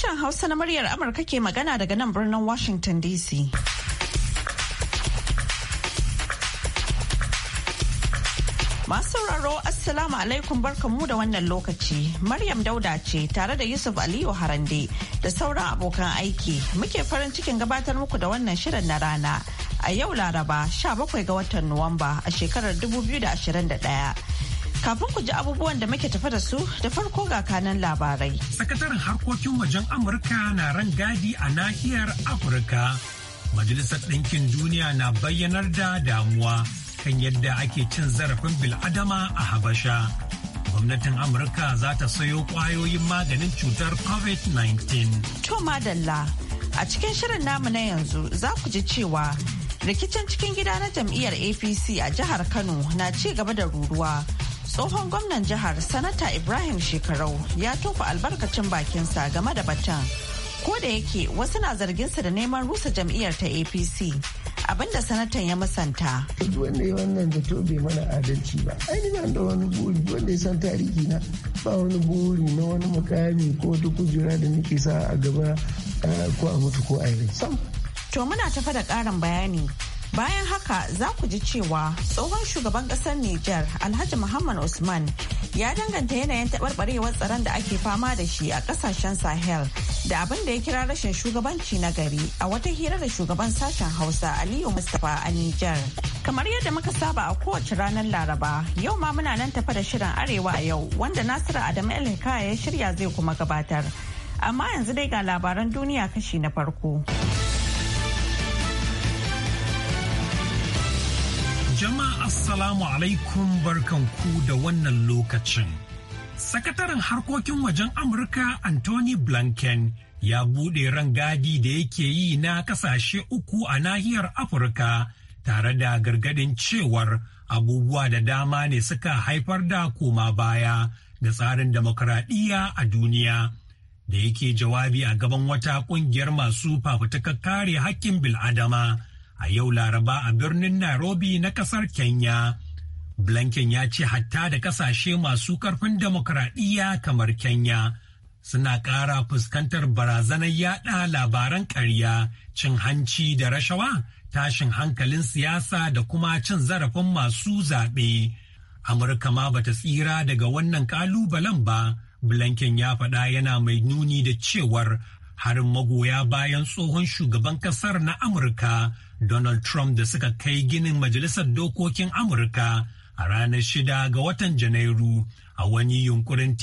Sashen Hausa na muryar Amurka ke magana daga nan birnin Washington DC. Masu sauraro Assalamu alaikum barkanmu da wannan lokaci. Maryam Dauda ce tare da Yusuf Aliyu Harande da sauran abokan aiki muke farin cikin gabatar muku da wannan shirin na rana a yau Laraba 17 ga watan Nuwamba a shekarar 2021. Kafin ku ji abubuwan da muke tafa da su da farko ga kanan labarai. Sakataren harkokin wajen Amurka na ran gadi a nahiyar Afirka. Majalisar Ɗinkin Duniya na bayyanar da damuwa kan yadda ake cin zarafin bil'adama a Habasha. Gwamnatin Amurka za ta sayo ƙwayoyin maganin cutar COVID-19. To madalla, a cikin shirin namu na yanzu za ku ji cewa rikicin cikin gida na jam'iyyar APC a jihar Kano na ci gaba da ruruwa. tsohon gwamnan jihar sanata ibrahim shekarau ya tofa albarkacin bakinsa game da batun ko da yake wasu na zarginsa da neman rusa jam'iyyar ta apc abinda sanatan ya musanta. wanda ya wannan da to bai mana adalci ba ainihin da wani buri wanda ya san tarihi na ba wani buri na wani mukami ko wata kujera da nake sa a gaba ko a mutu ko a yi sam. to muna tafa da karin bayani Bayan haka za ku ji cewa tsohon shugaban ƙasar Nijar Alhaji Muhammad Usman ya danganta yanayin taɓarɓarewar tsaron da ake fama da shi a ƙasashen Sahel da abin da ya kira rashin shugabanci na gari a wata hira da shugaban sashen Hausa Aliyu Mustapha a Nijar. Kamar yadda muka saba a kowace ranar Laraba, yau ma muna nan tafa da shirin Arewa a yau wanda Nasiru Adamu Elhikaya ya shirya zai kuma gabatar. Amma yanzu dai ga labaran duniya kashi na farko. Jama'a Assalamu alaikum barkanku da wannan lokacin. Sakataren harkokin wajen Amurka Anthony Blinken ya buɗe gadi da yake yi na kasashe uku a nahiyar Afirka tare da gargaɗin cewar abubuwa da dama ne suka haifar da koma baya ga tsarin demokradiyya a duniya. Da yake jawabi a gaban wata ƙungiyar masu fafutukar kare hakkin bil'adama. a yau Laraba a birnin Nairobi na kasar Kenya. Blinken ya ce hatta da kasashe masu karfin demokradiyya kamar Kenya suna ƙara fuskantar barazanar yada labaran karya, cin hanci da rashawa, tashin hankalin siyasa da kuma cin zarafin masu zaɓe. Amurka ma bata tsira daga wannan ƙalubalen ba, Blinken ya faɗa yana mai nuni da cewar harin magoya bayan tsohon shugaban ƙasar na Amurka Donald Trump da suka kai ginin Majalisar Dokokin Amurka a ranar shida ga watan Janairu a wani yunkurin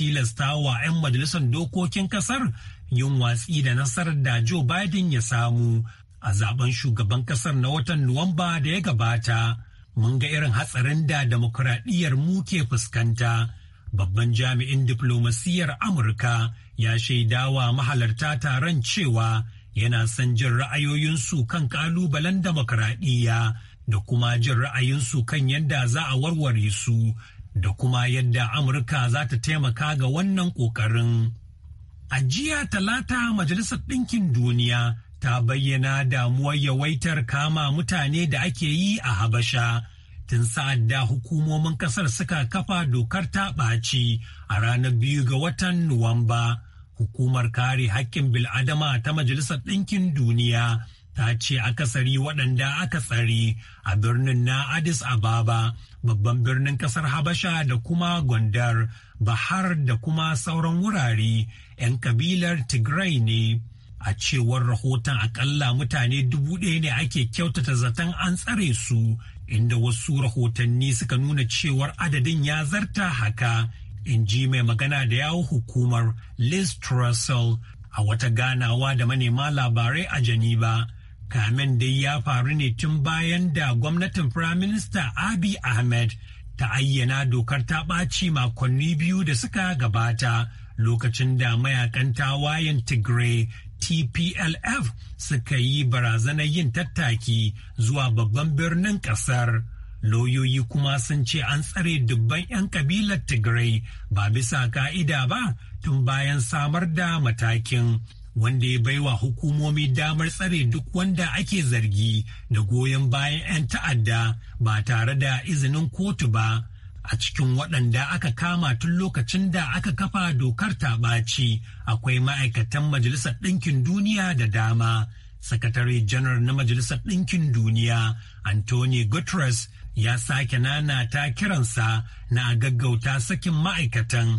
wa 'yan Majalisar Dokokin kasar yin watsi da nasarar da Joe Biden ya samu a zaben shugaban kasar na watan Nuwamba da ya gabata. Mun ga irin hatsarin da demokuraɗiyyar mu ke fuskanta. Babban jami'in diflomasiyyar Amurka ya shaidawa mahalarta taron cewa yana son jin ra'ayoyinsu kan kalubalen demokradiyya da kuma jin ra'ayinsu kan yadda za a warware su da kuma yadda amurka za ta taimaka ga wannan ƙoƙarin. a jiya talata majalisar ɗinkin duniya ta bayyana damuwar yawaitar kama mutane da ake yi a habasha tun sa'ad da hukumomin ƙasar suka kafa dokar ta ɓaci a ranar biyu ga watan nuwamba Hukumar kare haƙƙin bil'adama ta Majalisar Ɗinkin Duniya ta ce akasari waɗanda aka tsari a birnin na Addis Ababa babban birnin ƙasar Habasha da kuma Gondar, Bahar da kuma sauran wurare 'yan kabilar Tigray ne. a cewar rahoton akalla mutane dubu ɗaya ne ake kyautata zaton an tsare su inda wasu rahotanni suka nuna cewar adadin ya zarta haka in ji mai magana da yawo hukumar Liz Trussell a wata ganawa da manema labarai a Geneva. Kamen dai ya faru ne tun bayan da gwamnatin Firaminista Abiy Ahmed ta ayyana dokar ta ɓaci makonni biyu da suka gabata lokacin da mayakan tawayen Tigray TPLF suka yi barazanar yin tattaki zuwa babban birnin ƙasar. lauyoyi kuma sun ce an tsare dubban 'yan kabilar tigray ba bisa ka'ida ba tun bayan samar da matakin wanda ya baiwa hukumomi damar tsare duk wanda ake zargi da goyon bayan 'yan ta'adda ba tare da izinin kotu ba a cikin waɗanda aka kama tun lokacin da aka kafa dokar taɓaci akwai ma'aikatan majalisar ɗinkin duniya da dama sakatare janar na majalisar ɗinkin duniya anthony guterres ya sake nanata kiransa na gaggauta sakin ma'aikatan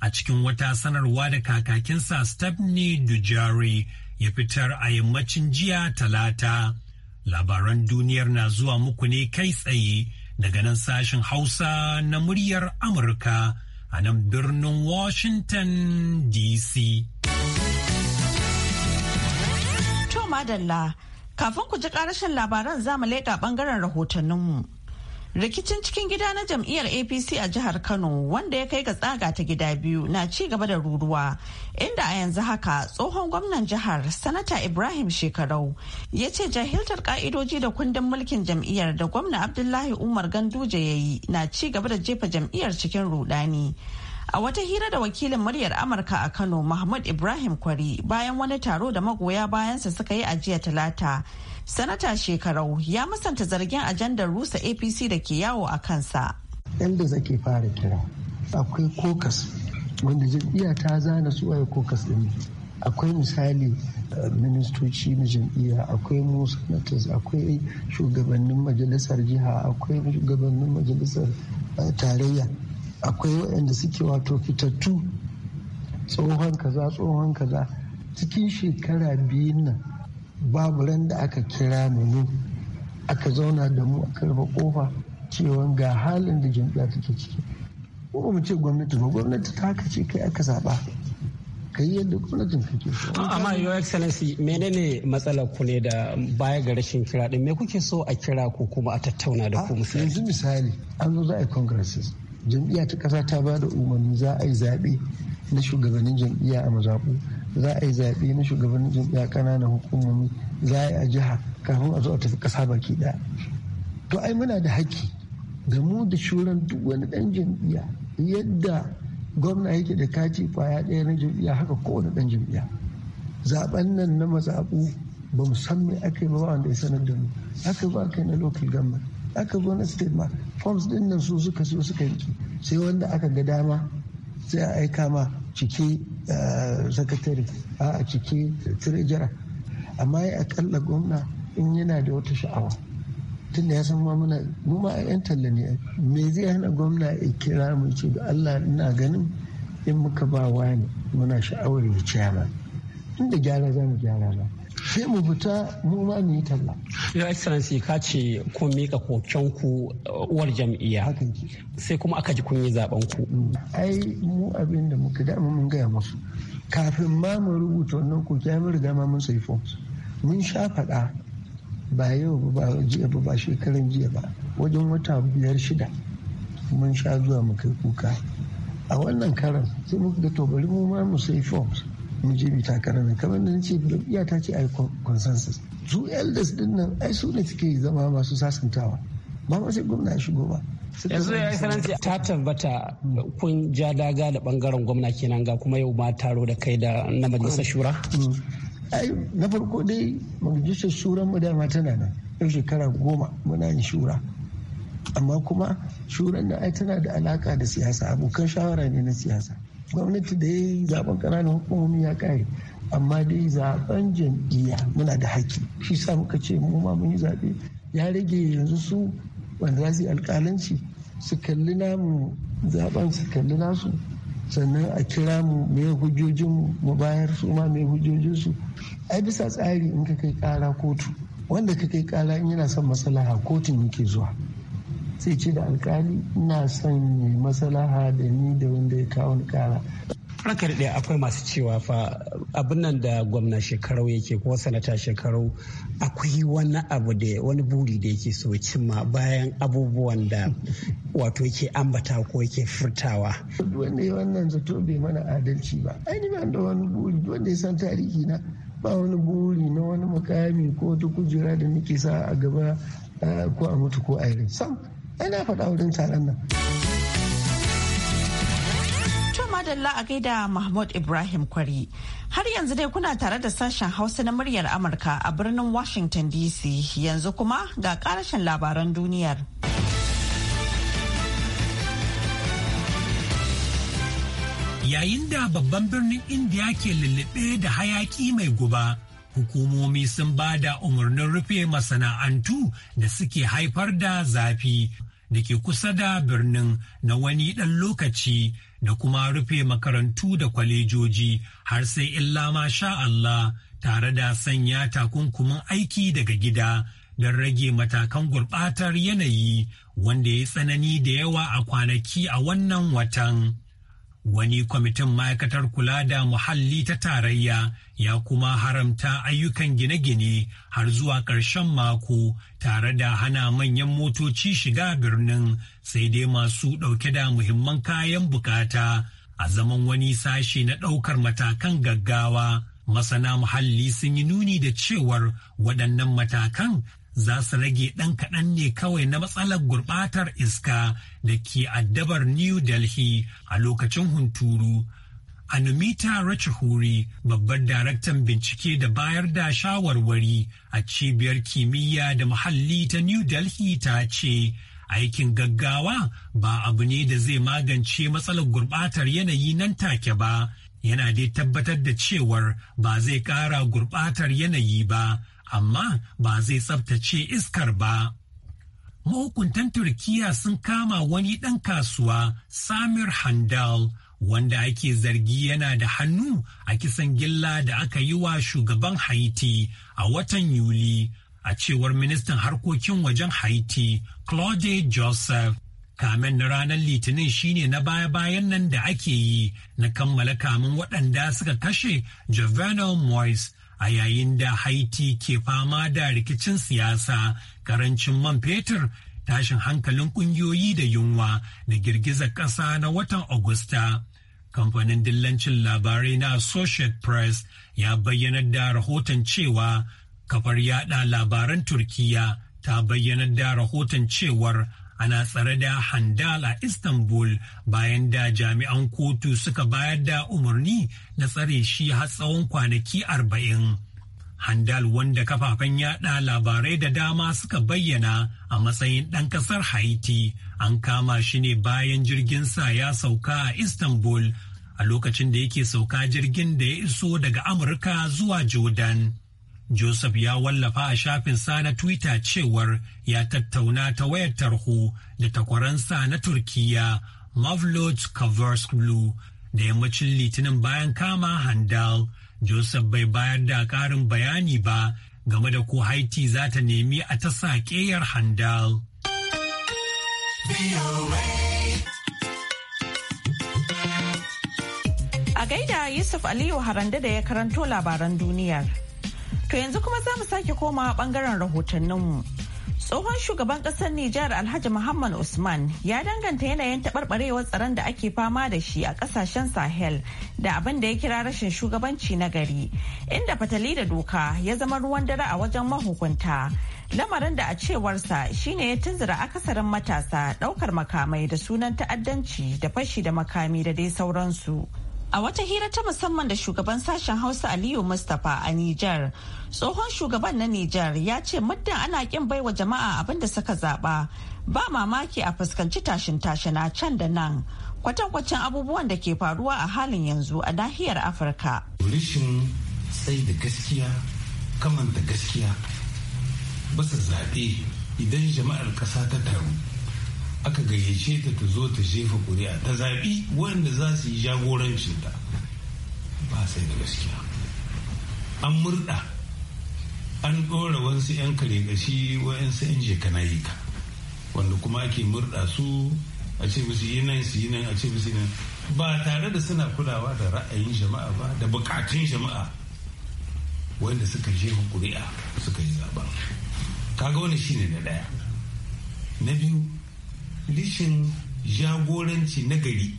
a cikin wata sanarwa da kakakinsa Stephanie Dujari ya fitar a yammacin jiya talata. Labaran duniyar na zuwa muku ne kai tsaye daga nan sashen Hausa na muryar Amurka a nan birnin Washington DC. To madalla, kafin ku ji ƙarashin labaran za zamu leƙa ɓangaren rahotanninmu. rikicin cikin gida na jam'iyyar apc a jihar kano wanda ya kai ga tsaga ta gida biyu na ci gaba da ruruwa inda a yanzu haka tsohon gwamnan jihar sanata ibrahim shekarau ya ce jahiltar ka'idoji da kundin mulkin jam'iyyar da gwamna abdullahi umar ganduje ya yi na ci gaba da jefa jam'iyyar cikin rudani a wata hira da wakilin muryar amurka a kano mahmud ibrahim kwari bayan wani taro da magoya bayansa suka yi a jiya talata Sanata shekarau ya musanta zargin ajandar rusa APC da ke yawo a kansa. yadda zake fara kira akwai kokas wanda jam'iyya ta zana su waye kokas ɗin akwai misali eh, ministoci na jam'iyya akwai mu akwai shugabannin majalisar jiha akwai shugabannin majalisar eh, tarayya akwai waɗanda suke wato fitattu tsohon kaza tsohon kaza cikin shekara biyun nan babu ran da aka kira mu mu aka zauna da mu aka rufe kofa cewa ga halin da jam'iyya take ciki ko mu ce gwamnati ba gwamnati ta haka ce kai aka zaba ka yi yadda gwamnatin ke so. amma your excellency menene matsalar ku ne da baya ga rashin kira din me kuke so a kira ku kuma a tattauna da ku ah, misali yanzu misali an zo za a yi congresses jam'iyya ta kasa ta ba da umarni za a yi zaɓe na shugabannin jam'iyya a mazaɓu za a yi zaɓe na shugaban jam'iyya ƙananan hukumomi za a yi a jiha kafin a zo a tafi ƙasa baki ɗaya to ai muna da haƙƙi da mu da shuran duk wani ɗan jam'iyya yadda gwamna yake da kati kwaya ɗaya na jam'iyya haka kowane ɗan jam'iyya zaɓen nan na mazaɓu ba mu san me aka yi ba wanda ya sanar da mu aka ba kai na local government aka zo na state ma forms ɗin nan su suka so suka yanki sai wanda aka ga dama sai a aika ma cike Eh, sakatare a ciki jira. amma ya akalla gwamna in yana da wata sha'awa Tunda da ya san ma muna mu ma a yan talla ne me zai hana gwamna ya kira mu ce da Allah ina ganin in muka ba wani muna sha'awar ya ciyama inda gyara za mu gyara ba sai mu fita mu ma mu yi talla. Your Excellency ka ce ko mika koken ku uh, uwar jam'iyya. Sai kuma aka ji kun yi zaben ku. Ai mu abin da muka da mun gaya musu. Kafin ma mu rubuta wannan koken mu riga ma mun sai forms. Mun sha faɗa ba yau ba jiya ba ba shekaran jiya ba wajen wata biyar shida mun sha zuwa mu kai kuka. A wannan karan sai muka ga to bari mu ma mu sai forms. mu je mu takara nan kamar da nace jam'iyya ta ce ai consensus su elders din nan ai su ne suke zama masu sasantawa ba ma sai gwamna ya shigo ba yanzu ya sanarci ta tabbata kun ja daga da bangaren gwamna kenan ga kuma yau ma taro da kai da na majalisar shura mm. ai na farko dai majalisar shura mu dama tana nan yau shekara goma muna yin shura amma kuma shuran nan ai tana da alaka da siyasa abokan shawara ne na siyasa gwamnati da ya yi zaben ƙananan hukumomi ya ƙare amma dai zaɓen jam'iyya muna da haƙƙi shi sa muka ce mu ma mun yi zaɓe ya rage yanzu su wanda za su yi alƙalanci su kalli namu zaben su kalli nasu sannan a kira mu mai hujjojin mu bayar su ma mai hujjojin su ai bisa tsari in ka kai ƙara kotu wanda ka kai ƙara in yana son masalaha kotun yake zuwa sai ce da alkali ina son yi masalaha da ni da wanda ya kawo ni kara rakar da akwai masu cewa fa abin nan da gwamna shekarau yake ko sanata shekarau akwai wani abu da wani buri da yake so cimma bayan abubuwan da wato yake ambata ko yake furtawa wanda ya wannan zato bai mana adalci ba ainihin da wani buri wanda ya san tarihi na ba wani buri na wani mukami ko ta kujera da nake sa a gaba eh, ko a mutu ko a sam ina faɗa wurin taron nan. madalla a gaida Mahmud Ibrahim Kwari. Har yanzu dai kuna tare da sashen Hausa na muryar Amurka a birnin Washington DC yanzu kuma ga karashin labaran duniyar. Yayin da babban birnin India ke lullube da hayaki mai guba, hukumomi sun ba da umarnin rufe masana'antu da suke haifar da zafi. da ke kusa da birnin na wani ɗan lokaci da kuma rufe makarantu da kwalejoji har sai illa ma sha Allah tare da sanya takunkumin aiki daga gida don rage matakan gurɓatar yanayi wanda ya tsanani da yawa a kwanaki a wannan watan. Wani kwamitin ma'aikatar kula da muhalli ta tarayya ya kuma haramta ayyukan gine-gine har zuwa ƙarshen mako tare da hana manyan motoci shiga birnin sai dai masu ɗauke da muhimman kayan bukata a zaman wani sashe na ɗaukar matakan gaggawa. masana muhalli sun yi nuni da cewar waɗannan matakan za su rage ɗan kaɗan ne kawai na matsalar gurɓatar iska da ke addabar New Delhi a lokacin hunturu. Anumita Rachahuri, babbar daraktan bincike da bayar da shawarwari a cibiyar kimiyya da muhalli ta New Delhi ta ce, aikin gaggawa ba abu ne da zai magance matsalar gurɓatar yanayi nan take ba, yana dai tabbatar da cewar ba zai ƙara gurɓatar yanayi ba. amma ba zai tsabtace iskar ba. Mahukuntan Turkiya sun kama wani ɗan kasuwa Samir Handal wanda ake zargi yana da hannu a kisan gilla da aka yi wa shugaban Haiti a watan Yuli a cewar ministan harkokin wajen Haiti Claude Joseph. kamen na ranar litinin shine na baya-bayan nan da ake yi na kammala kamun waɗanda suka kashe Jovenel Moise a yayin da haiti ke fama da rikicin siyasa karancin man fetur tashin hankalin kungiyoyi da yunwa da girgizar ƙasa na watan agusta kamfanin dillancin labarai na associate press ya bayyana da rahoton cewa kafar yada labaran turkiya ta bayyana da rahoton cewar ana tsare da handal a istanbul bayan da jami'an kotu suka bayar da umarni na tsare shi har tsawon kwanaki arba'in handal wanda kafafen yada labarai da dama suka bayyana a matsayin ɗan ƙasar haiti an kama shi ne bayan jirgin sa ya sauka a istanbul a lokacin da yake sauka jirgin da ya iso daga amurka zuwa jordan Joseph ya wallafa a shafinsa na Twitter cewar ya tattauna ta wayar tarho da takwaransa na Turkiyya Mavlut Kavarsklu da yammacin litinin bayan kama Handal. Joseph bai bayar da karin bayani ba game da ko Haiti za ta nemi a ta saƙeyar Handal. A gaida Yusuf Aliyu Harande da ya karanto labaran duniyar. yanzu kuma za mu sake koma bangaren mu Tsohon shugaban kasar Nijar Alhaji Muhammad Usman ya danganta yanayin taɓarɓarewar tsaron da ake fama da shi a ƙasashen Sahel da abin da ya kira rashin shugabanci na gari, inda fatali da doka ya zama ruwan dare a wajen mahukunta. Lamarin da a cewarsa shine ya tunzura akasarin matasa ɗaukar makamai da sunan ta'addanci da fashi da makami da dai sauransu. A wata hira ta musamman da shugaban sashen Hausa Aliyu Mustapha a Nijar, tsohon shugaban na Nijar ya ce muddin ana kin baiwa jama'a abin da suka zaba ba mamaki a fuskanci tashin na can da nan. Kwatankwacin abubuwan da ke faruwa a halin yanzu a nahiyar Afirka. Rishin sai da gaskiya, kamanta gaskiya, basa zaɓe idan jama'ar ƙasa ta taru. aka gayyace ta ta zo ta jefa kuri'a ta zaɓi wanda za su yi jagorancinta ba sai da gaskiya an murɗa an ɗora wasu 'yan kare gashi wa'yansu 'yan ka, wanda kuma ake murɗa su a ce musu yi nan su yi nan a ce musu nan ba tare da suna kulawa da ra'ayin jama'a ba da bukatun jama'a wanda suka jefa kuri'a suka yi zaɓa kaga wani shine na ɗaya na biyu rishin jagoranci na gari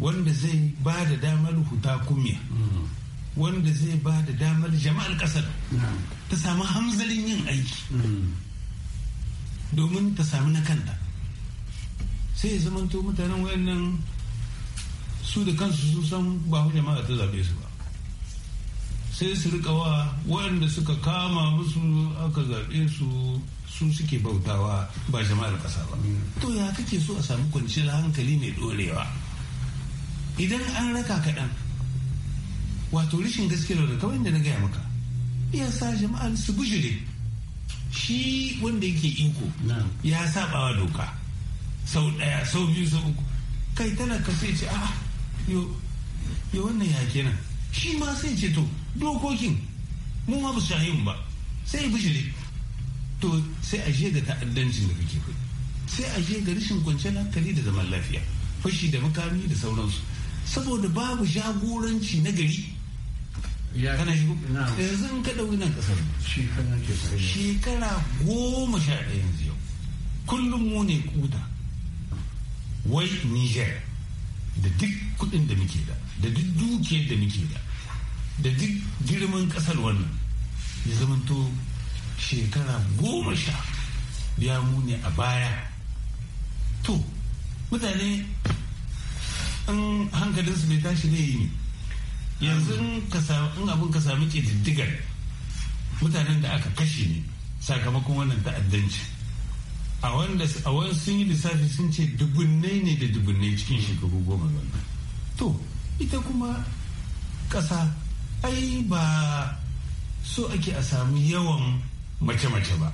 wanda zai ba da damar hutakumiya wanda zai ba da damar jama'ar kasar ta samu hamzarin yin aiki domin ta samu na kanta sai ya to mutanen wayannan su da kansu sun san ba jama'a ta zabe su sai su rika wa waɗanda suka kama musu aka zaɓe su su suke bautawa ba jama'ar ƙasa ba to ya kake so a sami kwanciyar hankali mai ɗorewa idan an raka kaɗan wato rishin gaskiyar da kawai da na gaya maka ya sa jama'ar su bujire shi wanda yake iko ya sabawa doka sau ɗaya sau biyu sau uku kai tana ka sai ce ah yo wannan ya kenan shi ma sai ce to dokokin mu ma ba su yi ba sai bijire to sai a je ga ta'addancin da kake kuɗi sai a je ga rashin kwanciyar hankali da zaman lafiya fashi da makami da sauransu saboda babu jagoranci na gari kana shigo yanzu in ka ɗauki nan ƙasar shekara goma sha ɗaya yanzu yau kullum mu ne kuta wai niger da duk kuɗin da muke da da duk dukiyar da muke da da duk girman kasar wannan ya zamanto shekara goma sha ya muni a baya to mutane an hankalinsu bai tashi ne yi yanzu in abin ka sami ke diddigar mutanen da aka kashe ne sakamakon wannan ta'addanci a wanda a wani sun yi lissafi sun ce dubunnai ne da dubunnai cikin shekaru goma wannan to ita kuma ƙasa ai ba so ake a samu yawan mace-mace ba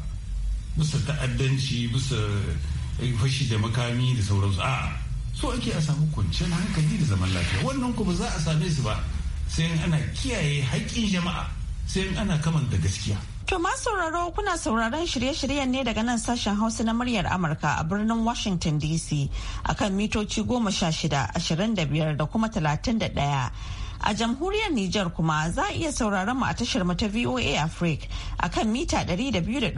bisa ta'addanci bisa eh, fashi da makami da sauransu a so ake a samu kwanciyar hankali da zaman lafiya wannan kuma za a same su ba sai ana kiyaye haƙƙin jama'a sai ana kamanta gaskiya To ma sauraro kuna sauraron shirye-shiryen ne daga nan sashen Hausa na muryar Amurka a birnin Washington DC akan mitoci goma sha shida, ashirin da biyar da kuma talatin da ɗaya. A jamhuriyar Nijar kuma za a iya sauraron mu a tashar mu ta VOA Africa a kan mita 200.5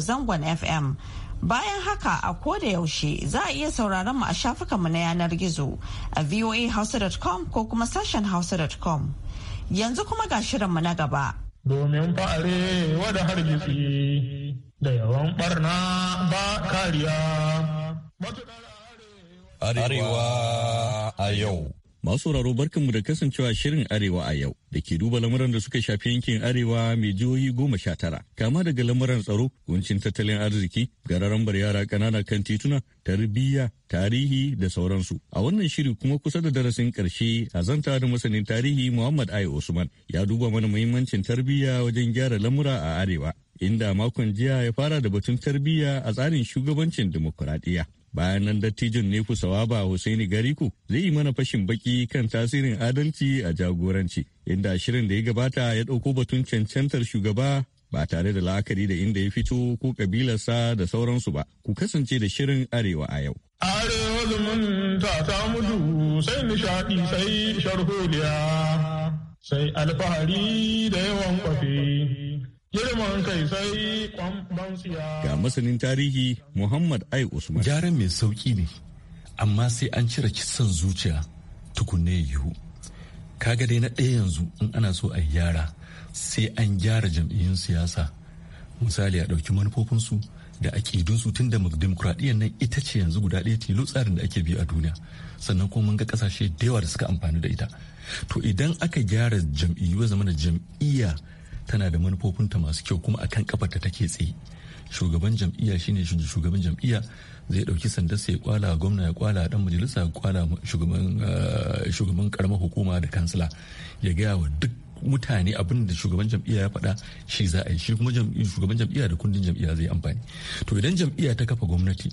zangon FM. Bayan haka a koda yaushe za a iya sauraron mu a shafukan mu na yanar gizo a voahausa.com ko kuma sashen hausa.com. Yanzu kuma ga shirin mu na gaba. Domin fa'are wada hargitsi da yawan barna ba kariya. Arewa a yau. Masu sauraro barkanmu da kasancewa shirin Arewa a yau da ke duba lamuran da suka shafi yankin Arewa mai jihohi goma sha tara. Kama daga lamuran tsaro, kuncin tattalin arziki, gararan bar yara ƙanana kan tituna, tarbiyya, tarihi da sauransu. A wannan shiri kuma kusa da darasin ƙarshe a zanta da masanin tarihi Muhammad ayi Usman ya duba mana muhimmancin tarbiyya wajen gyara lamura a Arewa. Inda makon jiya ya fara da batun tarbiyya a tsarin shugabancin dimokuraɗiyya. bayan nan dattijin ne ku sawaba Husaini Gariku zai yi mana fashin baki kan tasirin adalci a jagoranci inda shirin da ya gabata ya ɗauko batun cancantar shugaba ba tare da la'akari da inda ya fito ko kabilarsa da sauransu ba ku kasance da shirin arewa a yau. Arewa zumunta ta mudu sai nishaɗi sai sharholiya sai alfahari da yawan kwafi. Ga masanin tarihi Muhammad Ai Usman. Gyaran mai sauki ne, amma sai an cire kisan zuciya tukunne ya yiwu. Kaga dai na ɗaya yanzu in ana so a gyara sai an gyara jam'iyyun siyasa. Misali a ɗauki manufofinsu da aƙidunsu tun da demokuraɗiyyar nan ita ce yanzu guda ɗaya tilo tsarin da ake biyu a duniya sannan kuma mun ga ƙasashe da yawa da suka amfani da ita to idan aka gyara jam'iyyu ya zama da jam'iyya tana da manufofinta masu kyau kuma akan ta take tsaye shugaban jam'iyya shine shugaban jam'iyya zai dauki sanda sai kwala gwamna ya kwala dan majalisa ya kwala shugaban eh, shugaban karamar hukuma da kansila ya gaya wa duk mutane abin da shugaban jam'iyya ya faɗa shi za a yi shi kuma shugaban jam'iyya da kundin jam'iyya zai amfani to idan jam'iyya ta kafa gwamnati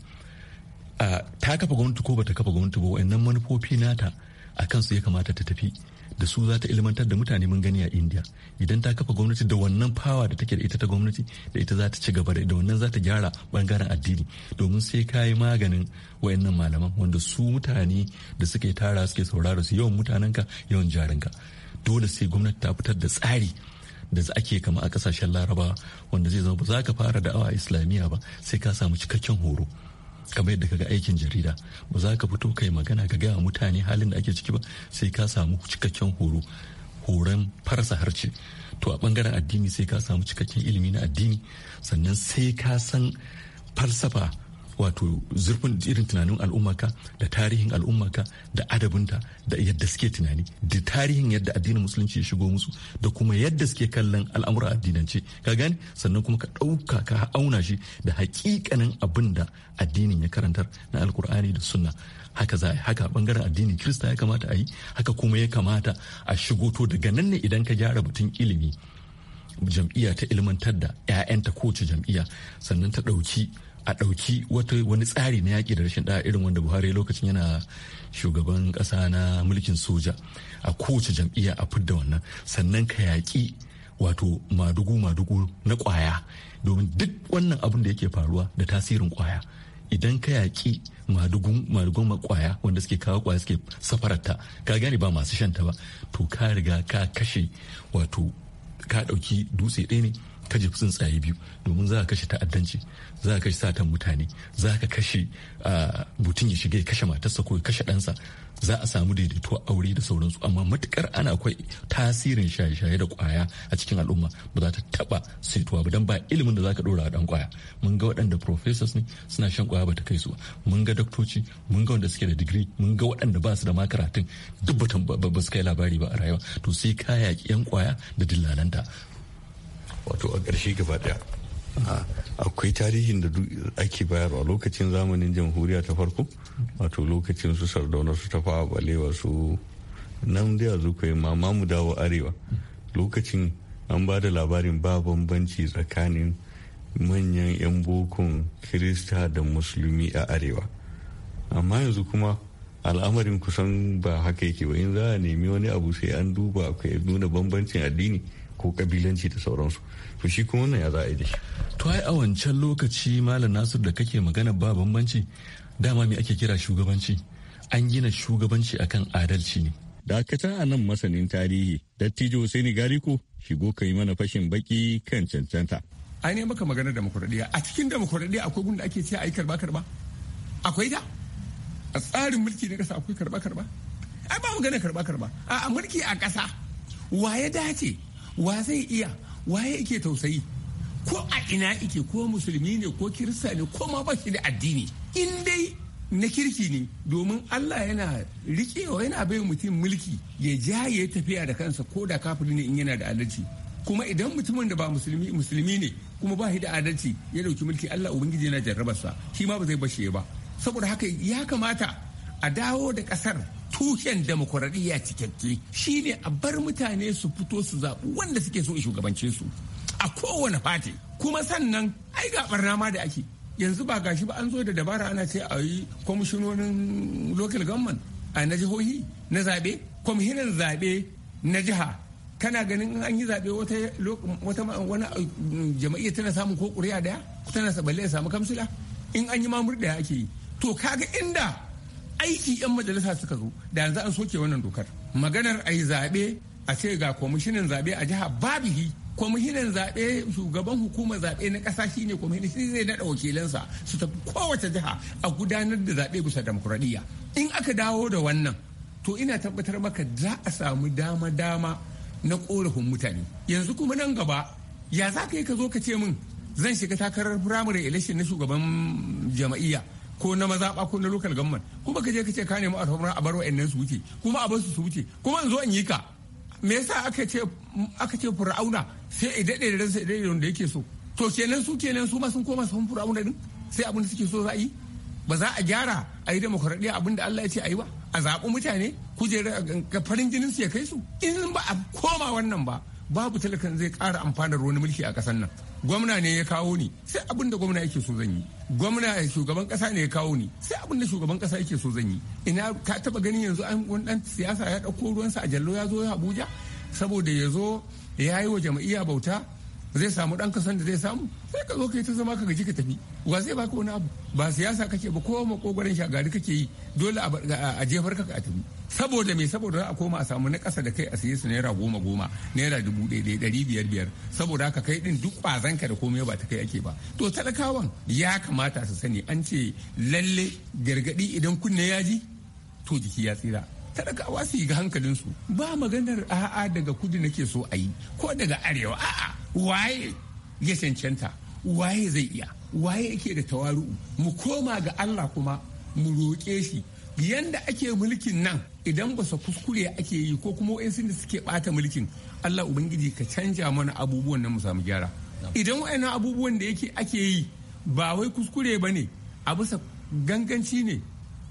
ta kafa gwamnati ko bata kafa gwamnati ba wayannan manufofi nata a su ya kamata ta tafi da su za ta ilmantar da mutane mun gani a india idan ta kafa gwamnati da wannan fawa da take da ita ta gwamnati da ita za ta ci gaba da wannan za ta gyara bangaren addini domin sai ka yi maganin wayannan malaman wanda su mutane da suke tara suke saurara su yawan mutanenka yawan jarin ka dole sai gwamnati ta fitar da tsari da ake kama a kasashen larabawa wanda zai zama ba za ka fara da'awa islamiyya ba sai ka samu cikakken horo kamar yadda kaga aikin jarida ba za ka fito kai magana ka gaya mutane halin da ake ciki ba sai ka samu cikakken horo horon farsa harce to a bangaren addini sai ka samu cikakken ilimi na addini sannan sai ka san falsafa wato zurfin irin tunanin al'ummarka da tarihin al'ummarka da adabinta da yadda suke tunani da tarihin yadda addinin musulunci ya shigo musu da kuma yadda suke kallon al'amura addinance ka gane sannan kuma ka ɗauka ka auna shi da hakikanin abin da addinin ya karantar na alkur'ani da sunna haka za haka bangaren addinin kirista ya kamata a yi haka kuma ya kamata a shigo to daga nan ne idan ka gyara batun ilimi jam'iyya ta ilmantar da 'ya'yanta kowace jam'iyya sannan ta ɗauki a ɗauki wani tsari na yaƙi da rashin ɗaya irin wanda buhari lokacin yana shugaban ƙasa na mulkin soja a kowace jam'iyya a fidda wannan sannan ka yaƙi wato madugu-madugu na ƙwaya domin duk wannan abin da yake faruwa da tasirin ƙwaya idan ka yaƙi madugun madugun makwaya wanda suke kawo ƙwaya suke safararta ka gane ba masu shanta ba to ka riga ka kashe wato ka ɗauki dutse ɗaya ne ta jefi tsuntsaye biyu domin za ka kashe ta'addanci za ka kashe satan mutane za ka kashe mutum ya shiga ya kashe matarsa ko ya kashe ɗansa za a samu daidaito a aure da sauransu amma matukar ana akwai tasirin shaye-shaye da kwaya a cikin al'umma ba za ta taba saituwa ba don ba ilimin da za ka dora dan kwaya mun ga waɗanda professors ne suna shan kwaya ba ta kai su ba mun ga doktoci mun ga wanda suke da digiri mun ga waɗanda ba su da makaratun duk ba su kai labari ba a rayuwa to sai ka yaƙi yan kwaya da dillalanta wato a ƙarshe gaba ɗaya akwai tarihin da ake bayarwa lokacin zamanin jamhuriya ta farko wato lokacin su sardauna su tafa balewa su nan da yanzu kai mama mu dawo arewa lokacin an ba da labarin ba bambanci tsakanin manyan 'yan bokon kirista da musulmi a arewa amma yanzu kuma al'amarin kusan ba haka yake ba in za a nemi wani abu sai an duba akwai nuna bambancin addini ko kabilanci da sauransu to shi kuma wannan ya za a yi da shi to ai a wancan lokaci malam nasir da kake magana ba bambanci dama me ake kira shugabanci an gina shugabanci akan adalci ne dakata a nan masanin tarihi dattijo gari Gariko shigo ka yi mana fashin baki kan cancanta. Ai ne maka maganar demokuraɗiyya a cikin demokuraɗiyya akwai gun da ake ce a yi karba karba akwai ta a tsarin mulki na ƙasa akwai karba karba ai ba maganar karba karba a mulki a ƙasa wa ya dace wa zai iya waye yake tausayi ko a ina ike ko musulmi ne ko kirista ne ko ma bashi da addini in dai na kirki ne domin Allah yana rikewa yana bai mutum mulki ya ja ya tafiya da kansa ko da kafiri ne in yana da adalci kuma idan mutumin da ba musulmi ne kuma ba shi da adalci ya dauki mulki Allah ubangiji yana jarrabarsa shi ma ba zai bashe ba saboda haka ya kamata a dawo da kasar tushen demokuraɗiyya cikakke shine a bar mutane su fito su zaɓi wanda suke so shugabance su a kowane fati kuma sannan ai ga barna ma da ake yanzu ba gashi ba an zo da dabara ana ce a yi kwamishinonin local government a na jihohi na zaɓe kwamishinan zaɓe na jiha kana ganin an yi zaɓe wata wani mm, jama'iyyar tana samun ko ƙuri'a daya tana ya samu kamsila in an yi mamur daya ake yi to kaga inda aiki 'yan majalisa suka zo da yanzu an soke wannan dokar maganar a yi zaɓe a ce ga kwamishinan zaɓe a jiha babihi kwamishinan zaɓe shugaban hukumar zaɓe na ƙasa shi ne kwamishinan shi zai naɗa wakilansa su tafi kowace jiha a gudanar da zaɓe bisa demokuraɗiyya in aka dawo da wannan to ina tabbatar maka za a samu dama-dama na korafin mutane yanzu kuma nan gaba ya za ka yi ka zo ka ce min zan shiga takarar firamare election na shugaban jama'iyya ko na mazaɓa ko na lokal gamman kuma ka je ka ce ka nemi alfarma a bar wa'annan su wuce kuma a bar su su wuce kuma in zo in yi ka me yasa aka ce aka ce fir'auna sai i daɗe da ransa daɗe da yake so to kenan su kenan su ma sun koma sun fir'auna din sai abin da suke so za a yi ba za a gyara a yi demokuraɗiyya abin da Allah ya ce a yi ba a zaɓi mutane kujerar farin jinin su ya kai su in ba a koma wannan ba babu talakan zai ƙara amfanar wani mulki a ƙasar nan gwamna ne ya kawo ni sai abin da gwamna yake so zan yi gwamna eh, shugaban ƙasa ne ya kawo ni sai abin da shugaban ƙasa yake so zan yi ina ka taba ganin yanzu an wani dan siyasa ya ɗauko ruwansa a jallo ya zo ya abuja saboda ya zo ya yi wa jam'iyya bauta zai samu dan kasan da zai samu sai ka zo ka yi ta zama ka gaji ka tafi wa zai baka wani abu ba siyasa kake ba ko makogoron shagari kake yi dole a jefar ka a tafi saboda me saboda za a koma a samu na kasa da kai a siyasa naira goma goma naira dubu ɗaya ɗari biyar biyar saboda haka kai din duk kwazon ka da komai ba ta kai ake ba to talakawan ya kamata su sani an ce lalle gargaɗi idan kunne ya ji to jiki ya tsira talakawa su yi ga hankalinsu ba maganar a'a daga kudu nake so a yi ko daga arewa a'a waye ya cancanta waye zai iya waye yake da tawaru'u mu koma ga Allah kuma mu roƙe shi yanda ake mulkin nan idan ba su kuskure ake yi ko kuma wa'yansu da suke bata mulkin Allah ubangiji ka canja mana abubuwan nan mu samu gyara idan wayannan abubuwan da yake ake yi ba wai kuskure ba ne a bisa ganganci ne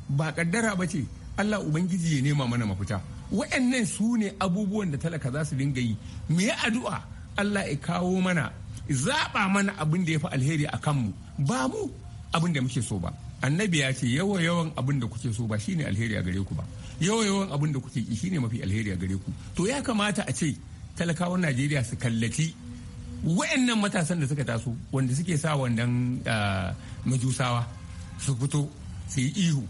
ba kaddara ba ce Allah ubangiji ya nema mana mafita wa'annan su ne abubuwan da talaka za su dinga yi mu yi addu'a Allah ya kawo mana zaɓa mana abin da ya fi alheri a kanmu ba mu abin da muke so ba annabi ya ce yawa yawan abin da kuke so ba shine alheri a gare ku ba yawa yawan abin da kuke ki shine mafi alheri a gare ku to ya kamata a ce talakawan Najeriya su kallaci wayannan matasan da suka taso wanda suke sa wannan ah, majusawa su fito su yi ihu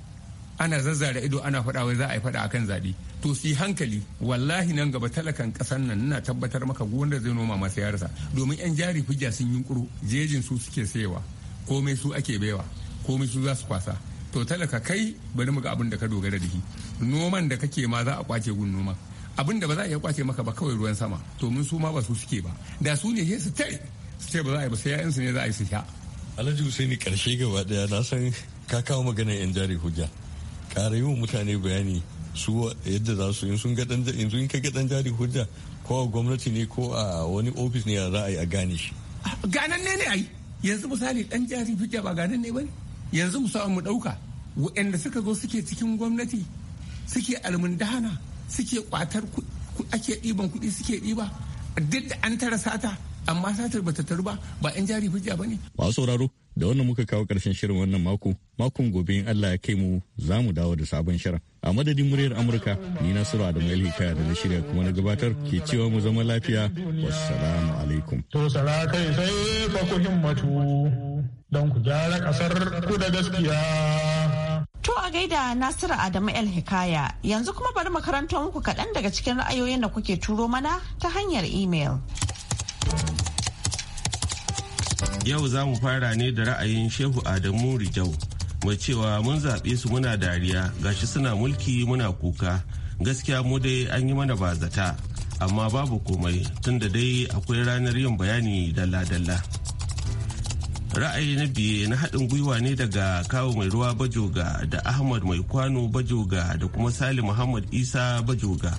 ana zazzara ido ana faɗa wai za a yi faɗa akan zaɓe to su hankali wallahi nan gaba talakan ƙasar nan na tabbatar maka da zai noma masu yarsa domin yan jari hujja sun yi jejin su suke sayewa komai su ake baiwa komai su za su kwasa to talaka kai bari mu ga abin da ka dogara da shi noman da kake ma za a kwace gun noman abin da ba za a iya kwace maka ba kawai ruwan sama domin su ma ba su suke ba da su ne su tare su ce ba za a yi ba sai ya'yansu ne za a yi su sha alhaji husaini karshe gaba daya na san ka kawo magana yan jari hujja kara yi mutane bayani su yadda za su in sun ga dan in ka ga jari hujja ko a gwamnati ne ko a wani ofis ne za a yi a gane shi ganan ne ne ai yanzu misali dan jari hujja ba ganan ne bane yanzu mu mu dauka waɗanda suka zo suke cikin gwamnati suke almundana suke kwatar ake ɗiban kuɗi suke ɗiba duk da an tara sata amma satar bata taru ba ba yan jari hujja bane masu sauraro da wannan muka kawo karshen shirin wannan mako makon gobe in Allah ya kai mu za mu dawo da sabon shirin a madadin muryar Amurka ni na sura da mai da na shirya kuma na gabatar ke cewa mu zama lafiya wassalamu alaikum to sala sai fa himmatu don ku gyara kasar ku da gaskiya To a gaida Nasiru Adamu El Hikaya yanzu kuma bari makarantar muku kaɗan daga cikin ra'ayoyin da kuke turo mana ta hanyar imel. Yau za mu fara ne da ra'ayin Shehu Adamu Rijau mai cewa mun zaɓe su muna dariya gashi suna mulki muna kuka gaskiya mu dai an yi mana bazata amma babu komai tunda dai akwai ranar yin bayani dalla-dalla. ra'ayi na biye na haɗin gwiwa ne daga kawo mai ruwa bajoga da ahmad mai kwano bajoga da kuma sali muhammad isa bajoga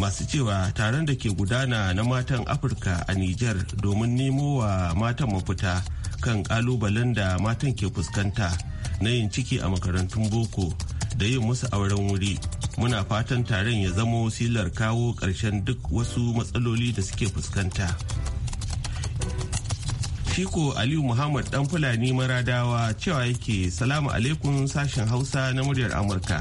masu cewa taron da ke gudana na matan afirka a niger domin nemo wa matan mafita kan kalubalen da matan ke fuskanta na yin ciki a makarantun boko da yin musu auren wuri muna fatan taron ya zamo silar kawo ƙarshen duk wasu matsaloli da suke fuskanta Shiko Aliyu Muhammad dan Fulani Maradawa cewa yake salamu alaikum sashen Hausa na muryar Amurka.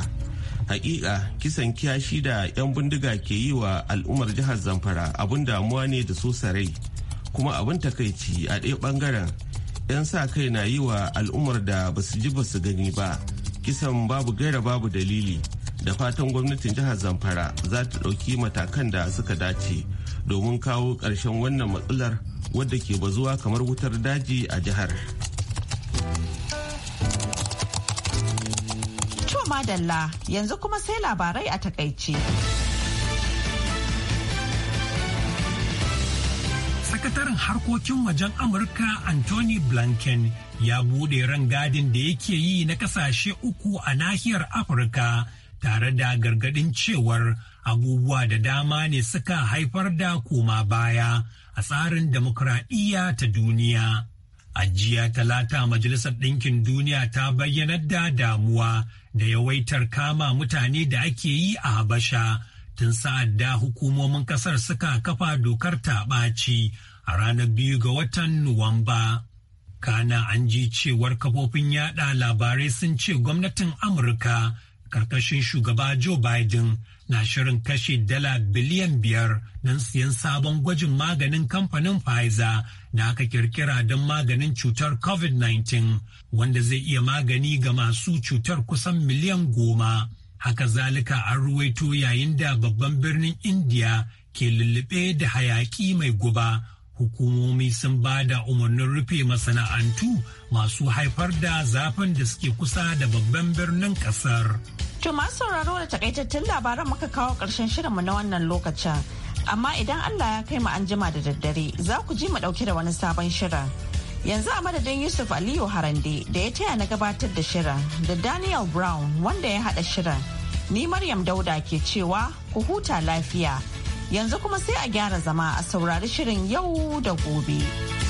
hakika kisan kiyashi da 'yan bindiga ke yi wa al'ummar jihar zamfara abin damuwa ne da sosai rai kuma abin takaici a ɗaya bangaren 'yan sa kai na yi wa al'ummar da ba su ji ba su gani ba kisan babu gaira babu dalili da fatan gwamnatin jihar zamfara za ta ɗauki matakan da suka dace domin kawo ƙarshen wannan matsalar wadda ke bazuwa kamar wutar daji a jihar. madalla yanzu kuma sai labarai a takaice. Sakataren harkokin wajen Amurka Anthony Blinken ya bude gadin da yake yi na kasashe uku a nahiyar Afirka tare da gargadin cewar abubuwa da dama ne suka haifar da koma baya a tsarin demokradiyya ta duniya. A jiya talata Majalisar Ɗinkin Duniya ta bayyana da damuwa da yawaitar kama mutane da ake yi a Habasha tun sa'ad da hukumomin ƙasar suka kafa dokar taɓaci a ranar biyu ga watan Nuwamba. Kana an ji cewar kafofin yada labarai sun ce gwamnatin Amurka ƙarƙashin shugaba Joe Biden na shirin kashe dala biliyan biyar don siyan sabon gwajin maganin kamfanin Pfizer da aka kirkira don maganin cutar covid-19 wanda zai iya magani ga masu cutar kusan miliyan goma haka zalika an ruwaito yayin da babban birnin india ke lullube da hayaki mai guba hukumomi sun ba da umarnin rufe masana'antu masu haifar da zafin da suke kusa da babban birnin kasar. To masu sauraro da takaitattun labaran muka kawo ƙarshen shirinmu na wannan lokacin. amma idan Allah ya kai mu an jima da daddare za ku ji mu dauke da wani sabon shirin. Yanzu a madadin Yusuf Aliyu Harande da ya taya na gabatar da shirin da Daniel Brown wanda ya haɗa shirin. Ni Maryam Dauda ke cewa ku huta lafiya. Yanzu kuma sai a gyara zama a saurari shirin yau da gobe.